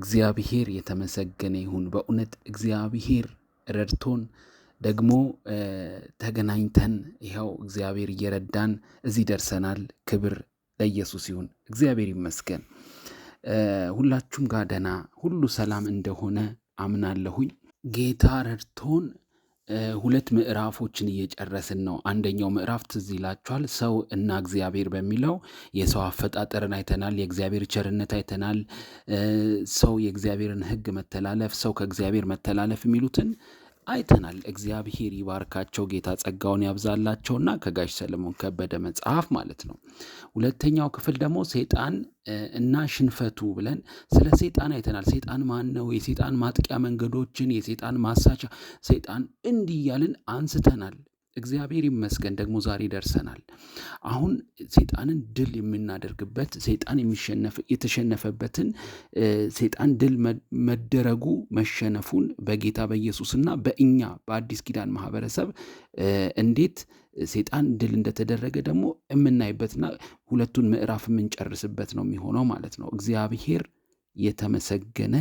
እግዚአብሔር የተመሰገነ ይሁን። በእውነት እግዚአብሔር ረድቶን ደግሞ ተገናኝተን ይኸው እግዚአብሔር እየረዳን እዚህ ደርሰናል። ክብር ለኢየሱስ ይሁን። እግዚአብሔር ይመስገን። ሁላችሁም ጋር ደህና ሁሉ ሰላም እንደሆነ አምናለሁኝ። ጌታ ረድቶን ሁለት ምዕራፎችን እየጨረስን ነው። አንደኛው ምዕራፍ ትዝ ይላችኋል፣ ሰው እና እግዚአብሔር በሚለው የሰው አፈጣጠርን አይተናል። የእግዚአብሔር ቸርነት አይተናል። ሰው የእግዚአብሔርን ሕግ መተላለፍ፣ ሰው ከእግዚአብሔር መተላለፍ የሚሉትን አይተናል። እግዚአብሔር ይባርካቸው፣ ጌታ ጸጋውን ያብዛላቸውና ከጋሽ ሰለሞን ከበደ መጽሐፍ ማለት ነው። ሁለተኛው ክፍል ደግሞ ሴጣን እና ሽንፈቱ ብለን ስለ ሴጣን አይተናል። ሴጣን ማን ነው? የሴጣን ማጥቂያ መንገዶችን፣ የሴጣን ማሳቻ፣ ሴጣን እንዲህ እያልን አንስተናል። እግዚአብሔር ይመስገን ደግሞ ዛሬ ደርሰናል። አሁን ሴጣንን ድል የምናደርግበት ሴጣን የተሸነፈበትን ሴጣን ድል መደረጉ መሸነፉን በጌታ በኢየሱስና በእኛ በአዲስ ኪዳን ማህበረሰብ እንዴት ሴጣን ድል እንደተደረገ ደግሞ የምናይበትና ሁለቱን ምዕራፍ የምንጨርስበት ነው የሚሆነው ማለት ነው። እግዚአብሔር የተመሰገነ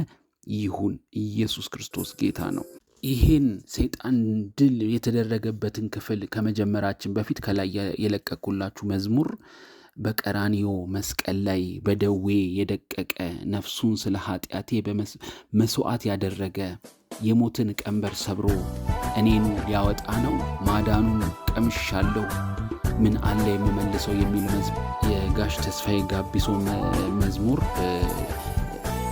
ይሁን። ኢየሱስ ክርስቶስ ጌታ ነው። ይህን ሰይጣን ድል የተደረገበትን ክፍል ከመጀመራችን በፊት ከላይ የለቀኩላችሁ መዝሙር በቀራኒዮ መስቀል ላይ በደዌ የደቀቀ ነፍሱን ስለ ኃጢአቴ በመስዋዕት ያደረገ የሞትን ቀንበር ሰብሮ እኔን ሊያወጣ ነው፣ ማዳኑን ቀምሻለሁ፣ ምን አለ የምመልሰው የሚል የጋሽ ተስፋዬ ጋቢሶ መዝሙር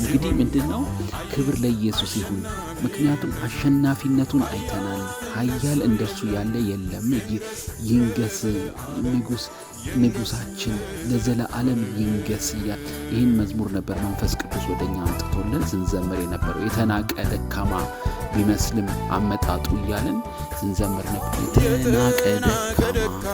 እንግዲህ ምንድን ነው ክብር ለኢየሱስ ይሁን። ምክንያቱም አሸናፊነቱን አይተናል። ሀያል እንደርሱ ያለ የለም። ይንገስ ንጉስ ንጉሳችን ለዘለዓለም ይንገስ እያል ይህን መዝሙር ነበር መንፈስ ቅዱስ ወደኛ እኛ አምጥቶልን ስንዘምር የነበረው። የተናቀ ደካማ ቢመስልም አመጣጡ እያለን ስንዘምር ነበር። የተናቀ ደካማ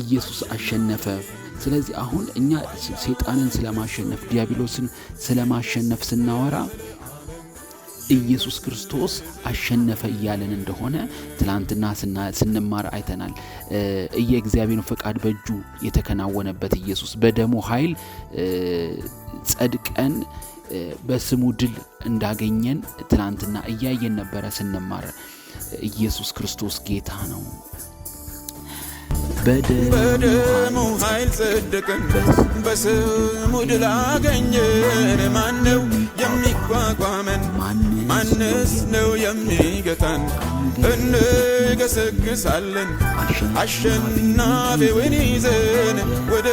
ኢየሱስ አሸነፈ። ስለዚህ አሁን እኛ ሴጣንን ስለማሸነፍ ዲያብሎስን ስለማሸነፍ ስናወራ ኢየሱስ ክርስቶስ አሸነፈ እያለን እንደሆነ ትላንትና ስንማር አይተናል። እየእግዚአብሔር ፈቃድ በእጁ የተከናወነበት ኢየሱስ በደሙ ኃይል ጸድቀን በስሙ ድል እንዳገኘን ትላንትና እያየን ነበረ ስንማር። ኢየሱስ ክርስቶስ ጌታ ነው። በደሙ ኃይል ጸደቅን፣ በስሙ ድል አገኘን። ማነው የሚቋቋመን? ማንስ ነው የሚገታን? እንገሰግሳለን አሸናፊውን ይዘን ወደ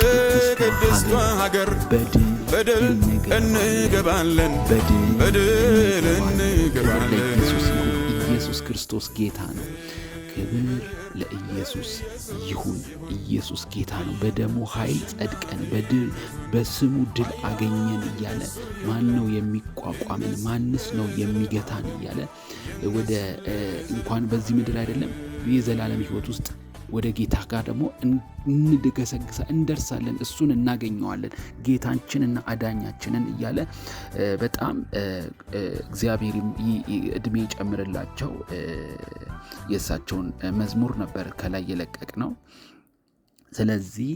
ቅድስቷ ሀገር በድል እንገባለን፣ በድል እንገባለን። ኢየሱስ ክርስቶስ ጌታ ነው። ክብር ለኢየሱስ ይሁን። ኢየሱስ ጌታ ነው። በደሙ ኃይል ጸድቀን በድል በስሙ ድል አገኘን እያለ ማን ነው የሚቋቋመን? ማንስ ነው የሚገታን? እያለ ወደ እንኳን በዚህ ምድር አይደለም የዘላለም ሕይወት ውስጥ ወደ ጌታ ጋር ደግሞ እንደገሰግሳ እንደርሳለን፣ እሱን እናገኘዋለን፣ ጌታችንና አዳኛችንን እያለ በጣም እግዚአብሔር እድሜ ጨምርላቸው የእሳቸውን መዝሙር ነበር ከላይ የለቀቅ ነው። ስለዚህ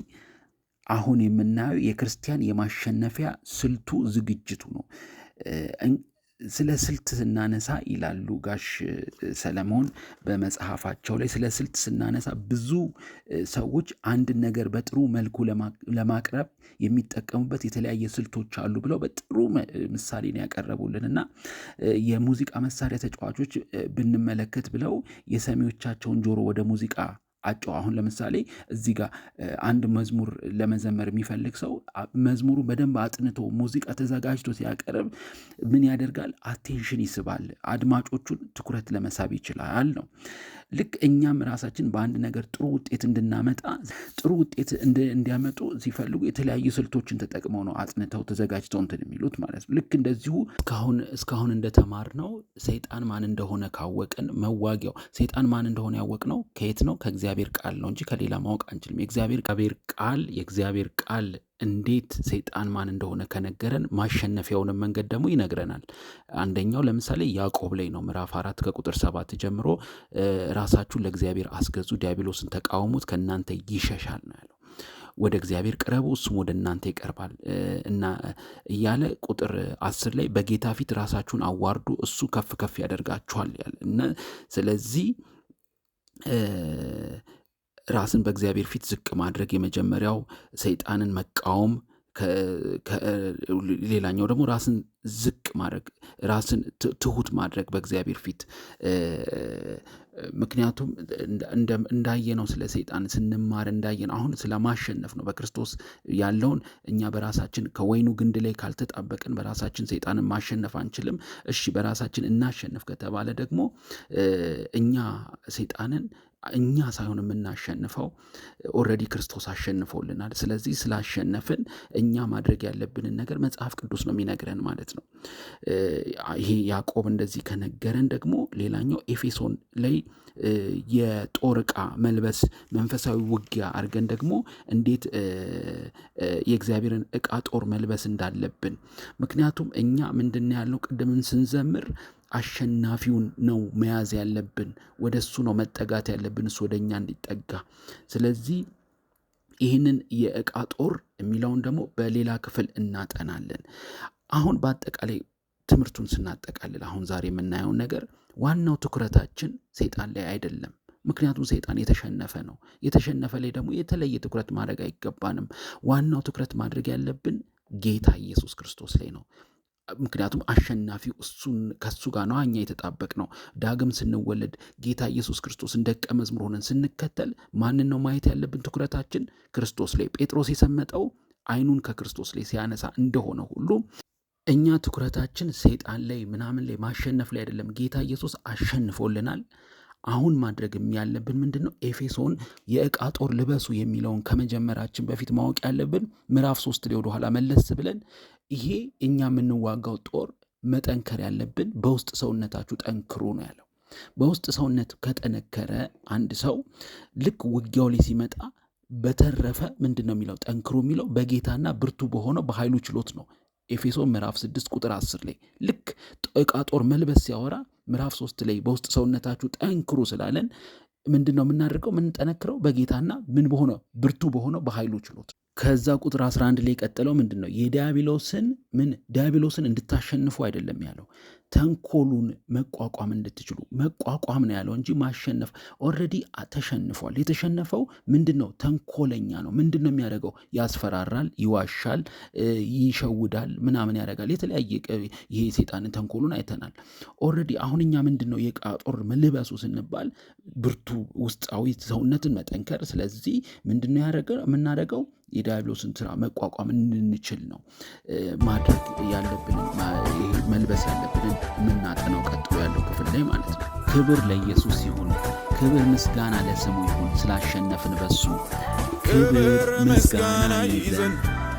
አሁን የምናየው የክርስቲያን የማሸነፊያ ስልቱ ዝግጅቱ ነው። ስለ ስልት ስናነሳ ይላሉ ጋሽ ሰለሞን በመጽሐፋቸው ላይ ስለ ስልት ስናነሳ ብዙ ሰዎች አንድን ነገር በጥሩ መልኩ ለማቅረብ የሚጠቀሙበት የተለያየ ስልቶች አሉ ብለው በጥሩ ምሳሌ ነው ያቀረቡልን እና የሙዚቃ መሳሪያ ተጫዋቾች ብንመለከት ብለው የሰሚዎቻቸውን ጆሮ ወደ ሙዚቃ አጫው አሁን ለምሳሌ እዚህ ጋር አንድ መዝሙር ለመዘመር የሚፈልግ ሰው መዝሙሩ በደንብ አጥንቶ ሙዚቃ ተዘጋጅቶ ሲያቀርብ ምን ያደርጋል? አቴንሽን ይስባል። አድማጮቹን ትኩረት ለመሳብ ይችላል ነው። ልክ እኛም ራሳችን በአንድ ነገር ጥሩ ውጤት እንድናመጣ ጥሩ ውጤት እንዲያመጡ ሲፈልጉ የተለያዩ ስልቶችን ተጠቅመው ነው አጽንተው ተዘጋጅተው እንትን የሚሉት ማለት ነው። ልክ እንደዚሁ እስካሁን እስካሁን እንደተማርነው ሰይጣን ማን እንደሆነ ካወቅን መዋጊያው ሰይጣን ማን እንደሆነ ያወቅነው ከየት ነው? ከእግዚአብሔር ቃል ነው እንጂ ከሌላ ማወቅ አንችልም። የእግዚአብሔር ቃል የእግዚአብሔር ቃል እንዴት ሰይጣን ማን እንደሆነ ከነገረን ማሸነፊያውንም መንገድ ደግሞ ይነግረናል። አንደኛው ለምሳሌ ያዕቆብ ላይ ነው። ምዕራፍ አራት ከቁጥር ሰባት ጀምሮ ራሳችሁን ለእግዚአብሔር አስገዙ፣ ዲያብሎስን ተቃውሙት፣ ከእናንተ ይሸሻል ነው ያለው። ወደ እግዚአብሔር ቅረቡ፣ እሱም ወደ እናንተ ይቀርባል እና እያለ ቁጥር አስር ላይ በጌታ ፊት ራሳችሁን አዋርዱ፣ እሱ ከፍ ከፍ ያደርጋችኋል ያለ እና ስለዚህ ራስን በእግዚአብሔር ፊት ዝቅ ማድረግ የመጀመሪያው ሰይጣንን መቃወም፣ ሌላኛው ደግሞ ራስን ዝቅ ማድረግ፣ ራስን ትሁት ማድረግ በእግዚአብሔር ፊት። ምክንያቱም እንዳየነው ስለ ሰይጣን ስንማር ነው። አሁን ስለማሸነፍ ነው። በክርስቶስ ያለውን እኛ በራሳችን ከወይኑ ግንድ ላይ ካልተጣበቅን በራሳችን ሰይጣንን ማሸነፍ አንችልም። እሺ በራሳችን እናሸንፍ ከተባለ ደግሞ እኛ ሰይጣንን እኛ ሳይሆን የምናሸንፈው ኦልሬዲ ክርስቶስ አሸንፎልናል። ስለዚህ ስላሸነፍን እኛ ማድረግ ያለብንን ነገር መጽሐፍ ቅዱስ ነው የሚነግረን ማለት ነው። ይሄ ያዕቆብ እንደዚህ ከነገረን ደግሞ ሌላኛው ኤፌሶን ላይ የጦር ዕቃ መልበስ መንፈሳዊ ውጊያ አድርገን ደግሞ እንዴት የእግዚአብሔርን ዕቃ ጦር መልበስ እንዳለብን ምክንያቱም እኛ ምንድን ያለው ቅድምን ስንዘምር አሸናፊውን ነው መያዝ ያለብን። ወደ እሱ ነው መጠጋት ያለብን፣ እሱ ወደ እኛ እንዲጠጋ። ስለዚህ ይህንን የእቃ ጦር የሚለውን ደግሞ በሌላ ክፍል እናጠናለን። አሁን በአጠቃላይ ትምህርቱን ስናጠቃልል አሁን ዛሬ የምናየውን ነገር ዋናው ትኩረታችን ሰይጣን ላይ አይደለም። ምክንያቱም ሰይጣን የተሸነፈ ነው። የተሸነፈ ላይ ደግሞ የተለየ ትኩረት ማድረግ አይገባንም። ዋናው ትኩረት ማድረግ ያለብን ጌታ ኢየሱስ ክርስቶስ ላይ ነው። ምክንያቱም አሸናፊው እሱን ከሱ ጋር ነው እኛ የተጣበቅ ነው። ዳግም ስንወለድ ጌታ ኢየሱስ ክርስቶስን ደቀ መዝሙር ሆነን ስንከተል ማንን ነው ማየት ያለብን? ትኩረታችን ክርስቶስ ላይ። ጴጥሮስ የሰመጠው አይኑን ከክርስቶስ ላይ ሲያነሳ እንደሆነ ሁሉ እኛ ትኩረታችን ሰይጣን ላይ ምናምን ላይ ማሸነፍ ላይ አይደለም። ጌታ ኢየሱስ አሸንፎልናል። አሁን ማድረግም ያለብን ምንድን ነው? ኤፌሶን የእቃ ጦር ልበሱ የሚለውን ከመጀመራችን በፊት ማወቅ ያለብን ምዕራፍ ሶስት ላይ ወደኋላ መለስ ብለን ይሄ እኛ የምንዋጋው ጦር መጠንከር ያለብን በውስጥ ሰውነታችሁ ጠንክሩ ነው ያለው። በውስጥ ሰውነት ከጠነከረ አንድ ሰው ልክ ውጊያው ላይ ሲመጣ በተረፈ ምንድን ነው የሚለው ጠንክሮ የሚለው በጌታና ብርቱ በሆነው በኃይሉ ችሎት ነው ኤፌሶ ምዕራፍ 6 ቁጥር 10 ላይ ልክ ዕቃ ጦር መልበስ ሲያወራ ምዕራፍ 3 ላይ በውስጥ ሰውነታችሁ ጠንክሩ ስላለን ምንድን ነው የምናደርገው? ምንጠነክረው በጌታና ምን በሆነ ብርቱ በሆነው በኃይሉ ችሎት ከዛ ቁጥር 11 ላይ የቀጠለው ምንድን ነው? የዲያብሎስን ምን ዲያብሎስን እንድታሸንፉ አይደለም ያለው ተንኮሉን መቋቋም እንድትችሉ መቋቋም ነው ያለው እንጂ ማሸነፍ ኦልሬዲ ተሸንፏል። የተሸነፈው ምንድን ነው? ተንኮለኛ ነው። ምንድን ነው የሚያደርገው? ያስፈራራል፣ ይዋሻል፣ ይሸውዳል፣ ምናምን ያደርጋል። የተለያየ ይሄ ሴጣንን ተንኮሉን አይተናል ኦልሬዲ። አሁን እኛ ምንድን ነው የዕቃ ጦር መልበሱ ስንባል ብርቱ ውስጣዊ ሰውነትን መጠንከር። ስለዚህ ምንድን ነው የምናደርገው የዲያብሎስን ስራ መቋቋም እንድንችል ነው ማድረግ ያለብን መልበስ ያለብንን የምናጠነው ቀጥሎ ያለው ክፍል ላይ ማለት ነው። ክብር ለኢየሱስ ይሁን፣ ክብር ምስጋና ለስሙ ይሁን፣ ስላሸነፍን በሱ ክብር ምስጋና ይዘን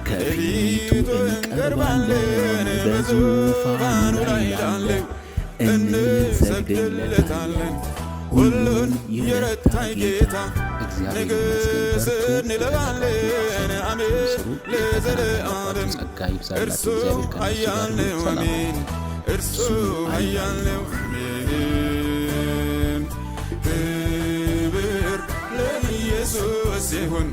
ከፊቱ እንቀርባለን፣ በዙፋኑ ላይ እንሰግድለታለን። ሁሉን የረታኝ ጌታ ንግስ እንለዋለን አሜን ለዘለዓለም። እርሱ ኃያል አሜን፣ እርሱ ኃያል አሜን። ክብር ለኢየሱስ ይሁን።